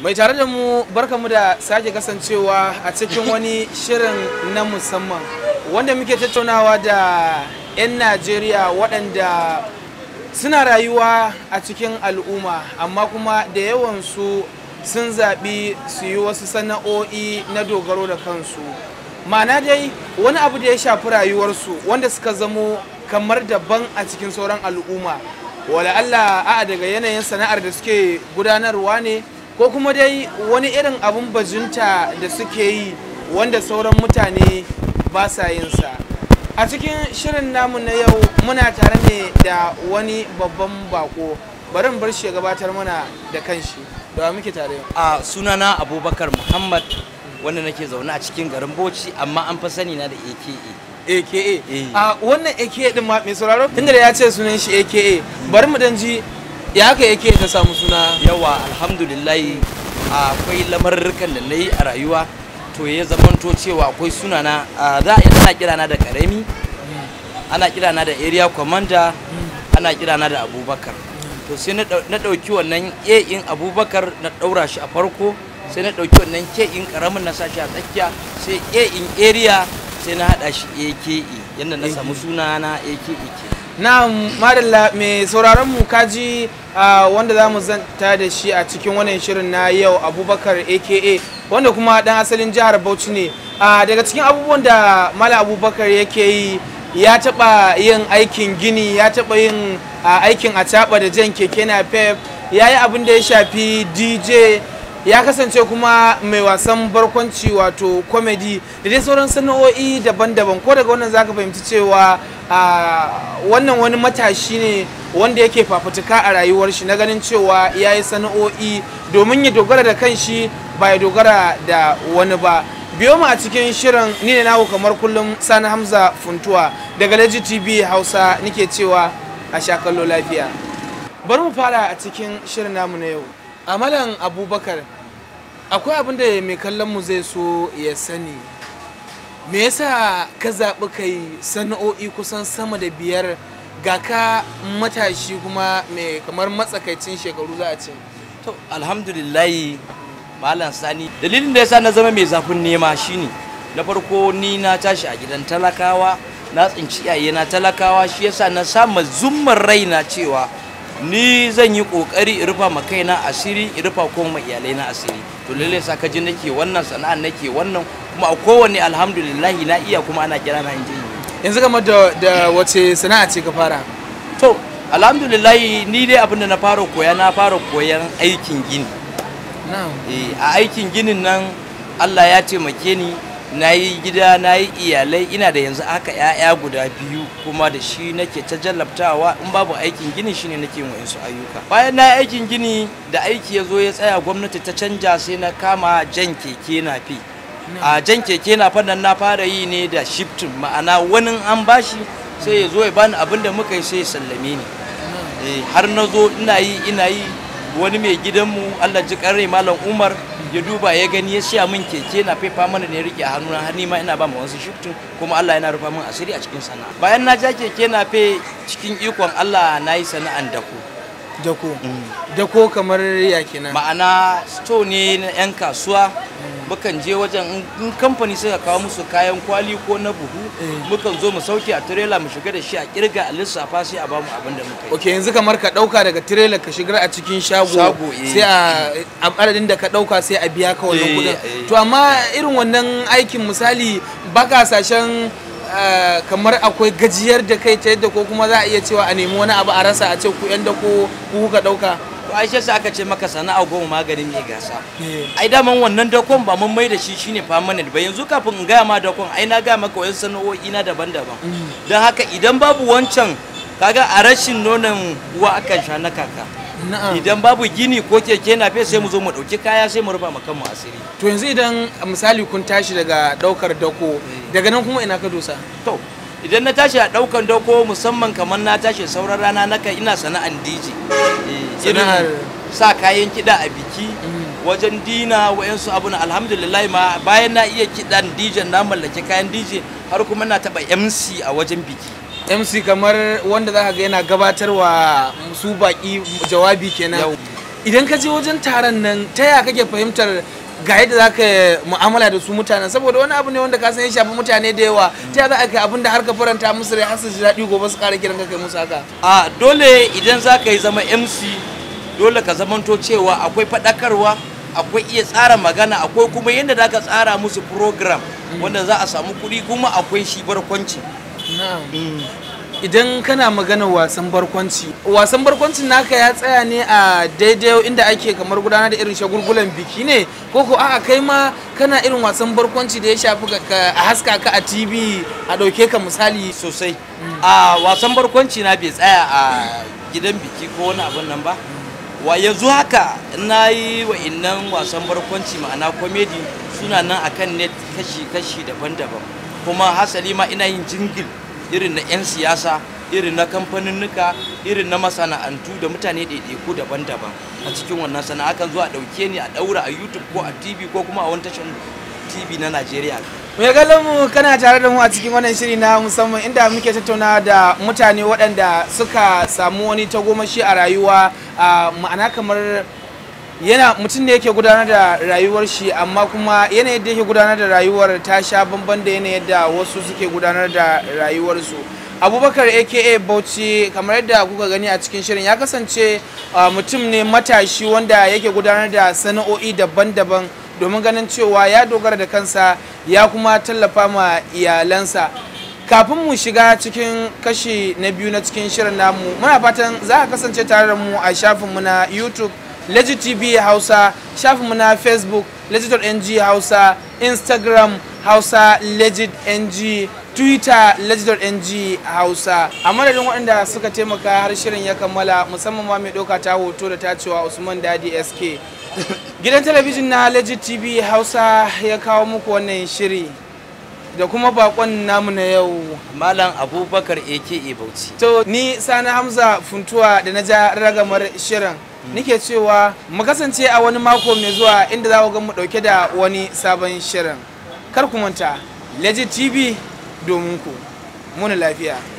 mai tare da mu barkamu da sake kasancewa a cikin wani shirin na musamman wanda muke tattaunawa da 'yan najeriya waɗanda suna rayuwa a cikin al'umma amma kuma da yawansu sun zaɓi su yi wasu sana'o'i na dogaro da kansu ma'ana dai wani abu da ya shafi rayuwarsu wanda suka zamo kamar daban a cikin sauran al'umma wala Allah a'a daga yanayin sana'ar da suke gudanarwa ne ko kuma dai wani irin abun bajinta da suke yi wanda sauran mutane ba sa yin a cikin shirin namu na yau muna tare ne da wani babban bako barin bar shi ya gabatar mana da kanshi da muke tare a sunana abubakar muhammad wanda nake zaune a cikin garin Bauchi amma an fa sani na da AKA. AKA. Eh. A wannan AKA din ma mai sauraro tun da ya ce sunan shi AKA. Bari mu dan ji ya ka yake ta samu suna yawa alhamdulillah akwai lamarurrukan da na yi a rayuwa to ya zamanto cewa akwai sunana za a ana na da karami ana kira na da area commander ana kira na da abubakar to sai na ɗauki wannan a in abubakar na ɗaura shi a farko sai na ɗauki wannan ke in ƙaramin na sashi a tsakiya sai a in area sai na haɗa shi ake yadda na samu e. suna na ake ke na'am madalla mai sauraron mu kaji wanda za mu zanta da shi a cikin wannan shirin na yau abubakar aka wanda kuma dan asalin jihar bauchi ne daga cikin abubuwan da mala abubakar yake yi ya taba yin aikin gini ya taba yin aikin a da jan keke na pep ya yi abin da ya shafi dj ya kasance kuma mai wasan barkwanci wato kwamedi, da dai sauran sana'o'i daban-daban ko daga wannan zaka fahimci cewa wannan wani matashi ne wanda yake fafutuka a rayuwar shi na ganin cewa ya yi sana'o'i domin ya dogara da kanshi ba ya dogara da wani ba biyo mu a cikin shirin ni ne naku kamar kullum sani hamza funtuwa daga leji tv hausa nike cewa a sha kallo lafiya bari mu fara a cikin shirin namu na yau amalan abubakar akwai abin da mai kallon mu zai so ya sani me yasa ka zaɓi kai sana'o'i kusan sama da biyar ga ka matashi kuma mai kamar matsakaicin shekaru za a ce to alhamdulillahi malam sani dalilin da yasa na zama mai zafin nema shine na farko ni na tashi a gidan talakawa na tsinci iyaye na talakawa shi yasa na samu zumman raina cewa ni zan yi kokari in rufa ma kaina asiri in rufa kuma ma iyalai na asiri to lalle saka ji nake wannan sana'a nake wannan kuma a kowanne alhamdulillah na iya kuma ana kira na inji yanzu kamar da da wace sana'a ce ka fara to alhamdulillah ni dai abinda na fara koya na fara koyan aikin gini na'am eh a aikin ginin nan Allah ya taimake ni na yi gida na yi iyalai ina da yanzu haka 'ya'ya guda biyu kuma da shi nake ta jallabtawa in babu aikin gini shine nake yin su ayyuka bayan na aikin gini da aiki ya zo ya tsaya gwamnati ta canja sai na kama jan keke na fi a jan keke na fannan na fara yi ne da shiftin ma'ana wani an bashi sai ya zo ya bani abin da muka yi sai ya sallame ni eh, har na zo ina yi ina yi wani mai gidanmu allah ji rai malam umar ya duba ya gani ya siya min keke na fefa mana ne rike a hannuna har nima ina ba mu wasu shiftin kuma Allah yana rufa min asiri a cikin sana'a bayan na ja keke na fe cikin ikon Allah na yi sana'an dako dako mm. dako kamar ya kenan ma'ana sto ne na yan kasuwa mm. mukan je wajen in kamfani suka kawo musu kayan kwali ko na buhu eh. mukan zo mu sauke a tirela mu shiga da shi a kirga a lissafa sai a ba mu abin da muka yi okay yanzu kamar ka dauka daga tirela ka shigar a cikin shago eh. sai a adadin da ka ɗauka sai a biya ka wannan eh, kudin to amma irin wannan aikin misali baka sashen kamar akwai gajiyar da kai ta yadda ko kuma za a iya cewa a nemi wani abu a rasa a ce ku yanda da ko ku kuka dauka to ai sai aka ce maka sana'a goma maganin mai gasa eh. ai daman wannan dakon ba mun mai da shi shine permanent ba yanzu kafin in gaya ma dakon ai na gaya maka wayan sana'o'i na daban-daban mm. don haka idan babu wancan kaga a rashin nonon uwa akan sha na kaka idan babu gini ko keke na fe sai mu zo mu dauki kaya sai mu rufa makan mu asiri to yanzu idan misali kun tashi daga daukar dako eh. daga nan kuma ina ka dosa to idan na tashi a daukan dako musamman kamar na tashi sauran rana naka ina sana'an DJ Eh, sana'ar sa kayan kiɗa a biki mm. wajen dina wa'yansu abu na alhamdulillah ma bayan na iya kiɗan DJ na mallake kayan DJ har kuma na taɓa MC a wajen biki MC kamar wanda za ga yana gabatarwa su baki jawabi kenan idan ka je wajen taron nan ta ya kake fahimtar ga yadda za ka mu'amala da su mutanen saboda wani abu ne wanda ka san ya shafi mutane da yawa ta za a kai abin da har ka faranta musu rai har su ji daɗi gobe su ƙara kiran ka kai musu haka a dole idan za ka yi zama mc dole ka zamanto cewa akwai faɗakarwa akwai iya tsara magana akwai kuma yadda za ka tsara musu program mm. wanda za a samu kuɗi kuma akwai shi barkwanci mm. idan kana magana wasan barkwanci wasan barkwancin naka ya tsaya ne a daidai inda ake kamar gudanar da irin shagulgulan biki ne ko ko a'a kai ma kana irin wasan barkwanci da ya shafi a haska ka a tv a ɗauke ka misali sosai mm. a wasan barkwanci na bai tsaya a gidan biki ko wani abin nan ba wa yanzu haka na yi wa innan wasan barkwanci ma'ana komedi suna nan akan net kashi-kashi daban-daban kuma hasali ma ina yin jingil irin na 'yan siyasa irin na kamfaninnuka irin na masana'antu da mutane ɗaiɗaiku daban-daban a cikin wannan sana'a kan zuwa ɗauke ni a ɗaura a youtube ko a tv ko kuma a wani tashar tv na najeriya mai galin mu kana tare da mu a cikin wannan shiri na musamman inda muke tattauna da mutane waɗanda suka samu wani tagomashi a rayuwa ma'ana kamar yana mutum da yake gudanar da rayuwar shi amma kuma yanayin da yake gudanar da rayuwar ta sha bamban da yanayin da wasu suke gudanar da rayuwarsu abubakar aka bauchi kamar yadda kuka gani a cikin shirin ya kasance mutum ne matashi wanda yake gudanar da sana'o'i daban-daban domin ganin cewa ya dogara da kansa ya kuma tallafa ma iyalansa kafin mu shiga cikin kashi na biyu na cikin shirin namu muna fatan za a kasance tare da mu a shafin mu na youtube Legit TV Hausa, shafinmu na Facebook, NG Hausa, Instagram Hausa Legit NG, Twitter NG Hausa. A madadin waɗanda suka taimaka har shirin ya kammala musamman ma mai ɗauka ta hoto da ta cewa Usman Dadi SK. Gidan talabijin na Legit TV Hausa ya kawo muku wannan shiri. da kuma bakon namu na yau malam abubakar ake bauchi to ni sani hamza funtuwa da na ja ragamar shirin nike cewa mu kasance a wani mako mai zuwa inda za ga mu dauke da wani sabon shirin kar ku manta legit tv domin ku muna lafiya